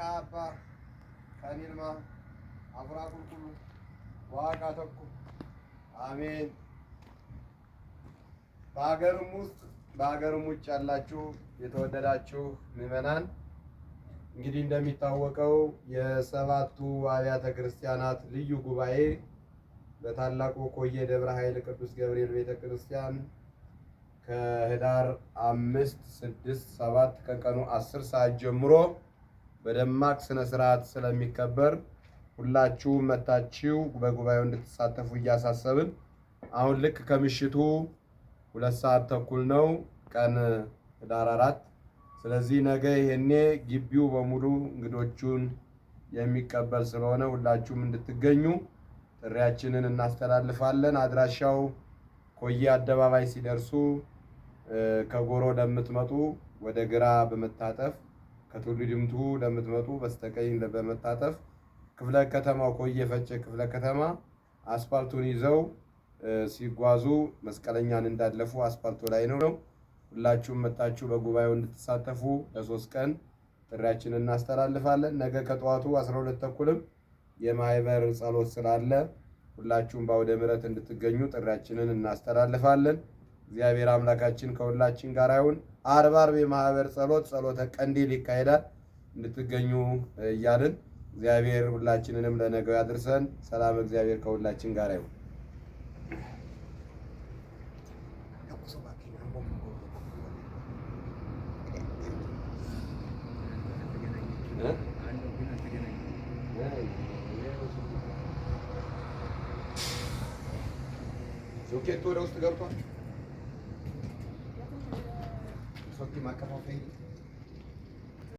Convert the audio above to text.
ከአባ ከኒልማ አቡራ ቁልቁሉ ዋጋ ተኩ አሜን። በሀገርም ውስጥ በሀገርም ውጭ ያላችሁ የተወደዳችሁ ምዕመናን እንግዲህ እንደሚታወቀው የሰባቱ አብያተ ክርስቲያናት ልዩ ጉባኤ በታላቁ ኮየ ደብረ ኃይል ቅዱስ ገብርኤል ቤተ ክርስቲያን ከህዳር አምስት ስድስት ሰባት ከቀኑ አስር ሰዓት ጀምሮ በደማቅ ስነ ስርዓት ስለሚከበር ሁላችሁም መታችሁ በጉባኤው እንድትሳተፉ እያሳሰብን አሁን ልክ ከምሽቱ ሁለት ሰዓት ተኩል ነው ቀን ህዳር አራት ስለዚህ ነገ ይሄኔ ግቢው በሙሉ እንግዶቹን የሚቀበል ስለሆነ ሁላችሁም እንድትገኙ ጥሪያችንን እናስተላልፋለን። አድራሻው ኮዬ አደባባይ ሲደርሱ ከጎሮ ለምትመጡ ወደ ግራ በመታጠፍ ከትውልድምቱ ለምትመጡ በስተቀኝ በመጣጠፍ ክፍለ ከተማው ኮየ ፈጨ ክፍለ ከተማ አስፓልቱን ይዘው ሲጓዙ መስቀለኛን እንዳለፉ አስፓልቱ ላይ ነው። ሁላችሁም መጣችሁ በጉባኤው እንድትሳተፉ ለሶስት ቀን ጥሪያችንን እናስተላልፋለን። ነገ ከጠዋቱ 12 ተኩልም የማህበር ጸሎት ስላለ ሁላችሁም በአውደ ምሕረት እንድትገኙ ጥሪያችንን እናስተላልፋለን። እግዚአብሔር አምላካችን ከሁላችን ጋር ይሁን። አርብ አርብ የማህበር ጸሎት ጸሎተ ቀንዲል ይካሄዳል። እንድትገኙ እያልን እግዚአብሔር ሁላችንንም ለነገው ያድርሰን። ሰላም እግዚአብሔር ከሁላችን ጋር ይሁን። ጆኬቱ ወደ ውስጥ ገብቷል። só que marca uma ferida.